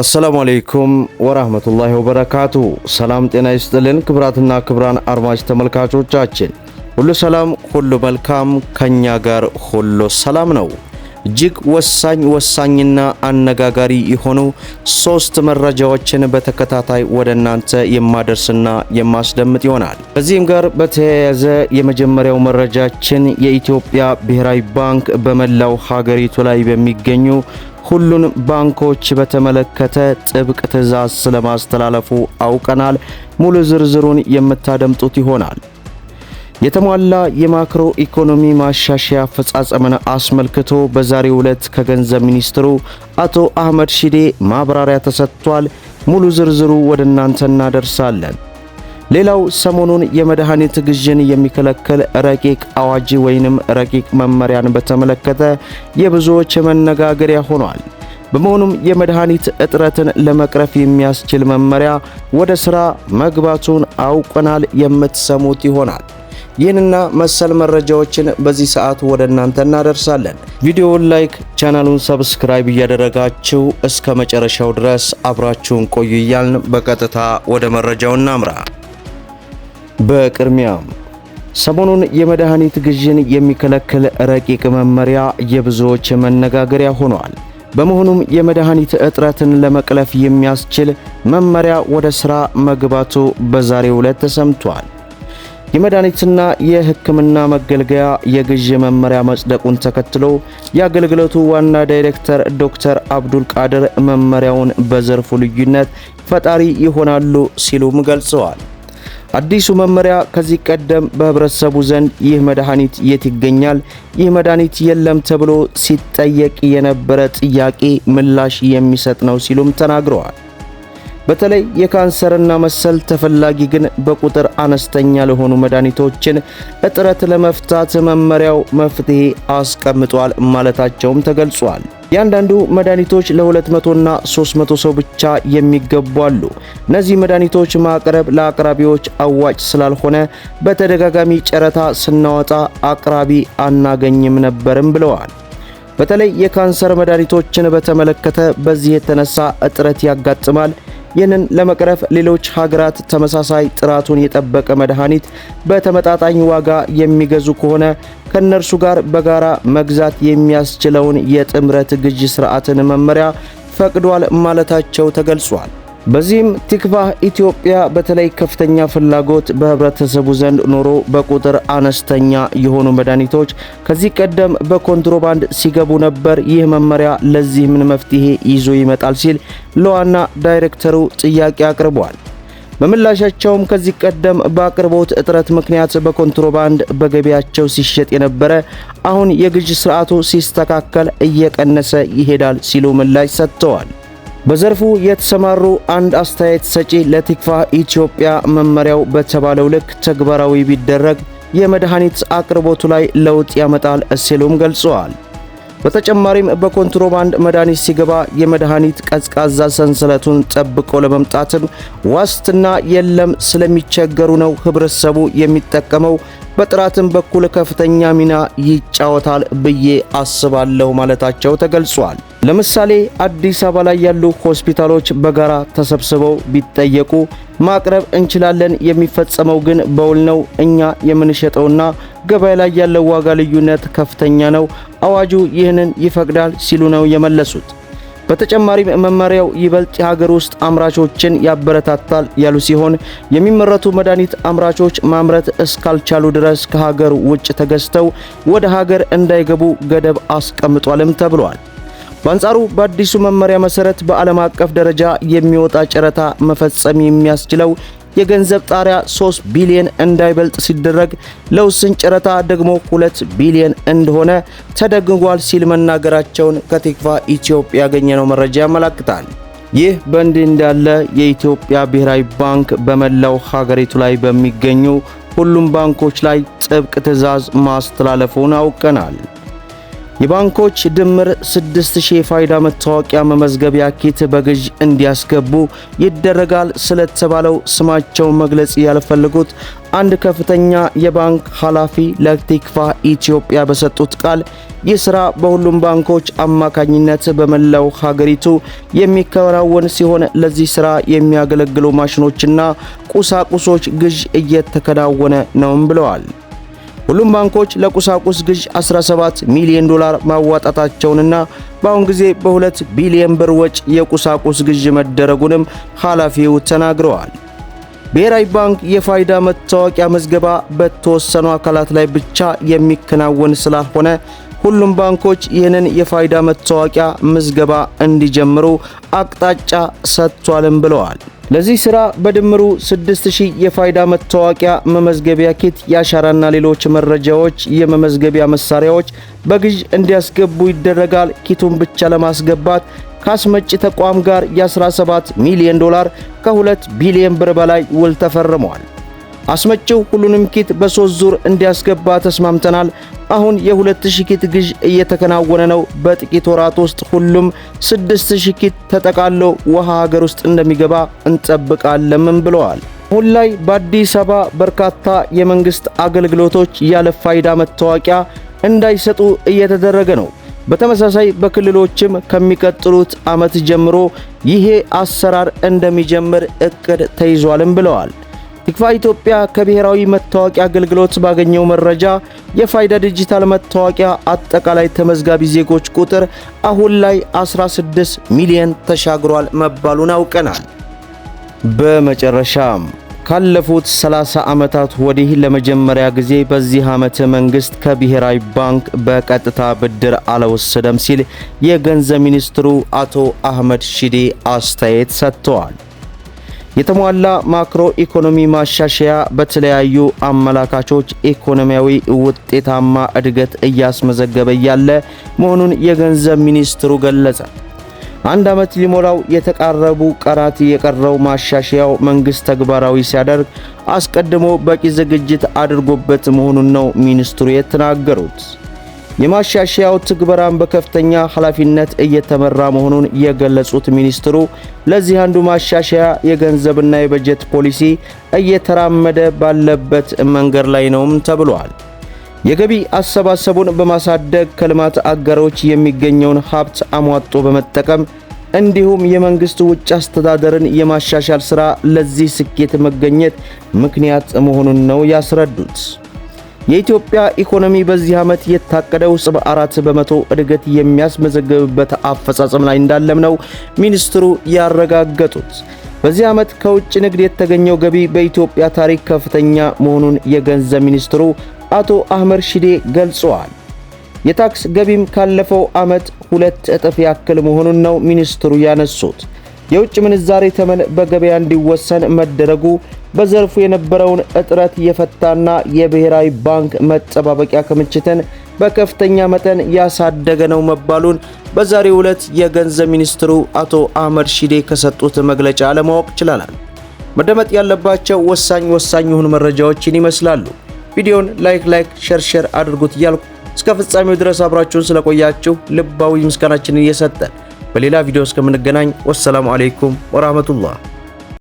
አሰላሙ አሌይኩም ወራህመቱላሂ ወበረካቱ። ሰላም ጤና ይስጥልን ክብራትና ክብራን አድማጭ ተመልካቾቻችን ሁሉ ሰላም ሁሉ መልካም፣ ከኛ ጋር ሁሉ ሰላም ነው። እጅግ ወሳኝ ወሳኝና አነጋጋሪ የሆኑ ሶስት መረጃዎችን በተከታታይ ወደ እናንተ የማደርስና የማስደምጥ ይሆናል። ከዚህም ጋር በተያያዘ የመጀመሪያው መረጃችን የኢትዮጵያ ብሔራዊ ባንክ በመላው ሀገሪቱ ላይ በሚገኙ ሁሉን ባንኮች በተመለከተ ጥብቅ ትዕዛዝ ስለማስተላለፉ አውቀናል። ሙሉ ዝርዝሩን የምታደምጡት ይሆናል። የተሟላ የማክሮ ኢኮኖሚ ማሻሻያ አፈጻጸምን አስመልክቶ በዛሬው ዕለት ከገንዘብ ሚኒስትሩ አቶ አህመድ ሺዴ ማብራሪያ ተሰጥቷል። ሙሉ ዝርዝሩ ወደ እናንተ እናደርሳለን። ሌላው ሰሞኑን የመድኃኒት ግዥን የሚከለክል ረቂቅ አዋጅ ወይንም ረቂቅ መመሪያን በተመለከተ የብዙዎች መነጋገሪያ ሆኗል። በመሆኑም የመድኃኒት እጥረትን ለመቅረፍ የሚያስችል መመሪያ ወደ ሥራ መግባቱን አውቀናል የምትሰሙት ይሆናል። ይህንና መሰል መረጃዎችን በዚህ ሰዓት ወደ እናንተ እናደርሳለን። ቪዲዮውን ላይክ፣ ቻናሉን ሰብስክራይብ እያደረጋችሁ እስከ መጨረሻው ድረስ አብራችሁን ቆዩ እያልን በቀጥታ ወደ መረጃው እናምራ። በቅድሚያ ሰሞኑን የመድኃኒት ግዥን የሚከለክል ረቂቅ መመሪያ የብዙዎች መነጋገሪያ ሆኗል። በመሆኑም የመድኃኒት እጥረትን ለመቅለፍ የሚያስችል መመሪያ ወደ ሥራ መግባቱ በዛሬው ዕለት ተሰምቷል። የመድኃኒትና የሕክምና መገልገያ የግዥ መመሪያ መጽደቁን ተከትሎ የአገልግሎቱ ዋና ዳይሬክተር ዶክተር አብዱል ቃድር መመሪያውን በዘርፉ ልዩነት ፈጣሪ ይሆናሉ ሲሉም ገልጸዋል። አዲሱ መመሪያ ከዚህ ቀደም በህብረተሰቡ ዘንድ ይህ መድኃኒት የት ይገኛል፣ ይህ መድኃኒት የለም ተብሎ ሲጠየቅ የነበረ ጥያቄ ምላሽ የሚሰጥ ነው ሲሉም ተናግረዋል። በተለይ የካንሰርና መሰል ተፈላጊ ግን በቁጥር አነስተኛ ለሆኑ መድኃኒቶችን እጥረት ለመፍታት መመሪያው መፍትሄ አስቀምጧል ማለታቸውም ተገልጿል። እያንዳንዱ መድኃኒቶች ለ200 እና 300 ሰው ብቻ የሚገቡ አሉ። እነዚህ መድኃኒቶች ማቅረብ ለአቅራቢዎች አዋጭ ስላልሆነ በተደጋጋሚ ጨረታ ስናወጣ አቅራቢ አናገኝም ነበርም ብለዋል። በተለይ የካንሰር መድኃኒቶችን በተመለከተ በዚህ የተነሳ እጥረት ያጋጥማል። ይህንን ለመቅረፍ ሌሎች ሀገራት ተመሳሳይ ጥራቱን የጠበቀ መድኃኒት በተመጣጣኝ ዋጋ የሚገዙ ከሆነ ከእነርሱ ጋር በጋራ መግዛት የሚያስችለውን የጥምረት ግዥ ሥርዓትን መመሪያ ፈቅዷል ማለታቸው ተገልጿል። በዚህም ቲክቫህ ኢትዮጵያ በተለይ ከፍተኛ ፍላጎት በህብረተሰቡ ዘንድ ኖሮ በቁጥር አነስተኛ የሆኑ መድኃኒቶች ከዚህ ቀደም በኮንትሮባንድ ሲገቡ ነበር፣ ይህ መመሪያ ለዚህ ምን መፍትሄ ይዞ ይመጣል ሲል ለዋና ዳይሬክተሩ ጥያቄ አቅርቧል። በምላሻቸውም ከዚህ ቀደም በአቅርቦት እጥረት ምክንያት በኮንትሮባንድ በገቢያቸው ሲሸጥ የነበረ አሁን የግዥ ስርዓቱ ሲስተካከል እየቀነሰ ይሄዳል ሲሉ ምላሽ ሰጥተዋል። በዘርፉ የተሰማሩ አንድ አስተያየት ሰጪ ለቲክፋ ኢትዮጵያ መመሪያው በተባለው ልክ ተግባራዊ ቢደረግ የመድኃኒት አቅርቦቱ ላይ ለውጥ ያመጣል ሲሉም ገልጸዋል። በተጨማሪም በኮንትሮባንድ መድኃኒት ሲገባ የመድኃኒት ቀዝቃዛ ሰንሰለቱን ጠብቆ ለመምጣትም ዋስትና የለም ስለሚቸገሩ ነው ህብረተሰቡ የሚጠቀመው። በጥራትም በኩል ከፍተኛ ሚና ይጫወታል ብዬ አስባለሁ ማለታቸው ተገልጿል። ለምሳሌ አዲስ አበባ ላይ ያሉ ሆስፒታሎች በጋራ ተሰብስበው ቢጠየቁ ማቅረብ እንችላለን። የሚፈጸመው ግን በውል ነው። እኛ የምንሸጠውና ገበያ ላይ ያለው ዋጋ ልዩነት ከፍተኛ ነው። አዋጁ ይህንን ይፈቅዳል ሲሉ ነው የመለሱት። በተጨማሪም መመሪያው ይበልጥ የሀገር ውስጥ አምራቾችን ያበረታታል ያሉ ሲሆን የሚመረቱ መድኃኒት አምራቾች ማምረት እስካልቻሉ ድረስ ከሀገር ውጭ ተገዝተው ወደ ሀገር እንዳይገቡ ገደብ አስቀምጧልም ተብሏል። በአንጻሩ በአዲሱ መመሪያ መሰረት በዓለም አቀፍ ደረጃ የሚወጣ ጨረታ መፈጸም የሚያስችለው የገንዘብ ጣሪያ 3 ቢሊዮን እንዳይበልጥ ሲደረግ ለውስን ጨረታ ደግሞ 2 ቢሊዮን እንደሆነ ተደንግጓል ሲል መናገራቸውን ከቴክፋ ኢትዮጵያ ያገኘነው መረጃ ያመለክታል። ይህ በእንዲህ እንዳለ የኢትዮጵያ ብሔራዊ ባንክ በመላው ሀገሪቱ ላይ በሚገኙ ሁሉም ባንኮች ላይ ጥብቅ ትዕዛዝ ማስተላለፉን አውቀናል። የባንኮች ድምር 6000 የፋይዳ መታወቂያ መመዝገቢያ ኪት በግዥ እንዲያስገቡ ይደረጋል ስለተባለው ስማቸው መግለጽ ያልፈለጉት አንድ ከፍተኛ የባንክ ኃላፊ ለቲክፋ ኢትዮጵያ በሰጡት ቃል ይህ ሥራ በሁሉም ባንኮች አማካኝነት በመላው ሀገሪቱ የሚከናወን ሲሆን ለዚህ ሥራ የሚያገለግሉ ማሽኖችና ቁሳቁሶች ግዥ እየተከናወነ ነውም ብለዋል። ሁሉም ባንኮች ለቁሳቁስ ግዥ 17 ሚሊዮን ዶላር ማዋጣታቸውንና በአሁን ጊዜ በሁለት ቢሊዮን ብር ወጪ የቁሳቁስ ግዥ መደረጉንም ኃላፊው ተናግረዋል። ብሔራዊ ባንክ የፋይዳ መታወቂያ መዝገባ በተወሰኑ አካላት ላይ ብቻ የሚከናወን ስላልሆነ ሁሉም ባንኮች ይህንን የፋይዳ መታወቂያ ምዝገባ እንዲጀምሩ አቅጣጫ ሰጥቷልም ብለዋል። ለዚህ ስራ በድምሩ 6000 የፋይዳ መታወቂያ መመዝገቢያ ኪት፣ የአሻራና ሌሎች መረጃዎች የመመዝገቢያ መሳሪያዎች በግዥ እንዲያስገቡ ይደረጋል። ኪቱን ብቻ ለማስገባት ከአስመጪ ተቋም ጋር የ17 ሚሊዮን ዶላር ከ2 ቢሊዮን ብር በላይ ውል ተፈርመዋል። አስመጪው ሁሉንም ኪት በሶስት ዙር እንዲያስገባ ተስማምተናል። አሁን የ2000 ኪት ግዥ እየተከናወነ ነው። በጥቂት ወራት ውስጥ ሁሉም 6000 ኪት ተጠቃሎ ውሃ ሀገር ውስጥ እንደሚገባ እንጠብቃለን ብለዋል። አሁን ላይ በአዲስ አበባ በርካታ የመንግስት አገልግሎቶች ያለ ፋይዳ መታወቂያ እንዳይሰጡ እየተደረገ ነው። በተመሳሳይ በክልሎችም ከሚቀጥሉት ዓመት ጀምሮ ይሄ አሰራር እንደሚጀምር እቅድ ተይዟልም ብለዋል። ቲክቫህ ኢትዮጵያ ከብሔራዊ መታወቂያ አገልግሎት ባገኘው መረጃ የፋይዳ ዲጂታል መታወቂያ አጠቃላይ ተመዝጋቢ ዜጎች ቁጥር አሁን ላይ 16 ሚሊዮን ተሻግሯል መባሉን አውቀናል። በመጨረሻም ካለፉት 30 ዓመታት ወዲህ ለመጀመሪያ ጊዜ በዚህ ዓመት መንግስት ከብሔራዊ ባንክ በቀጥታ ብድር አልወሰደም ሲል የገንዘብ ሚኒስትሩ አቶ አህመድ ሺዴ አስተያየት ሰጥተዋል። የተሟላ ማክሮ ኢኮኖሚ ማሻሻያ በተለያዩ አመላካቾች ኢኮኖሚያዊ ውጤታማ እድገት እያስመዘገበ ያለ መሆኑን የገንዘብ ሚኒስትሩ ገለጸ። አንድ ዓመት ሊሞላው የተቃረቡ ቀናት የቀረው ማሻሻያው መንግሥት ተግባራዊ ሲያደርግ አስቀድሞ በቂ ዝግጅት አድርጎበት መሆኑን ነው ሚኒስትሩ የተናገሩት። የማሻሻያው ትግበራን በከፍተኛ ኃላፊነት እየተመራ መሆኑን የገለጹት ሚኒስትሩ ለዚህ አንዱ ማሻሻያ የገንዘብና የበጀት ፖሊሲ እየተራመደ ባለበት መንገድ ላይ ነውም ተብሏል። የገቢ አሰባሰቡን በማሳደግ ከልማት አጋሮች የሚገኘውን ሀብት አሟጦ በመጠቀም እንዲሁም የመንግስት ውጭ አስተዳደርን የማሻሻል ሥራ ለዚህ ስኬት መገኘት ምክንያት መሆኑን ነው ያስረዱት። የኢትዮጵያ ኢኮኖሚ በዚህ ዓመት የታቀደው 74 በመቶ እድገት የሚያስመዘግብበት አፈጻጸም ላይ እንዳለም ነው ሚኒስትሩ ያረጋገጡት። በዚህ ዓመት ከውጭ ንግድ የተገኘው ገቢ በኢትዮጵያ ታሪክ ከፍተኛ መሆኑን የገንዘብ ሚኒስትሩ አቶ አህመድ ሺዴ ገልጸዋል። የታክስ ገቢም ካለፈው ዓመት ሁለት እጥፍ ያክል መሆኑን ነው ሚኒስትሩ ያነሱት። የውጭ ምንዛሬ ተመን በገበያ እንዲወሰን መደረጉ በዘርፉ የነበረውን እጥረት የፈታና የብሔራዊ ባንክ መጠባበቂያ ክምችትን በከፍተኛ መጠን ያሳደገ ነው መባሉን በዛሬው ዕለት የገንዘብ ሚኒስትሩ አቶ አህመድ ሺዴ ከሰጡት መግለጫ ለማወቅ ችለናል። መደመጥ ያለባቸው ወሳኝ ወሳኝ የሆኑ መረጃዎችን ይመስላሉ። ቪዲዮን ላይክ ላይክ ሼር ሼር አድርጉት እያልኩ እስከ ፍጻሜው ድረስ አብራችሁን ስለቆያችሁ ልባዊ ምስጋናችንን እየሰጠን በሌላ ቪዲዮ እስከምንገናኝ ወሰላሙ አሌይኩም ወራህመቱላህ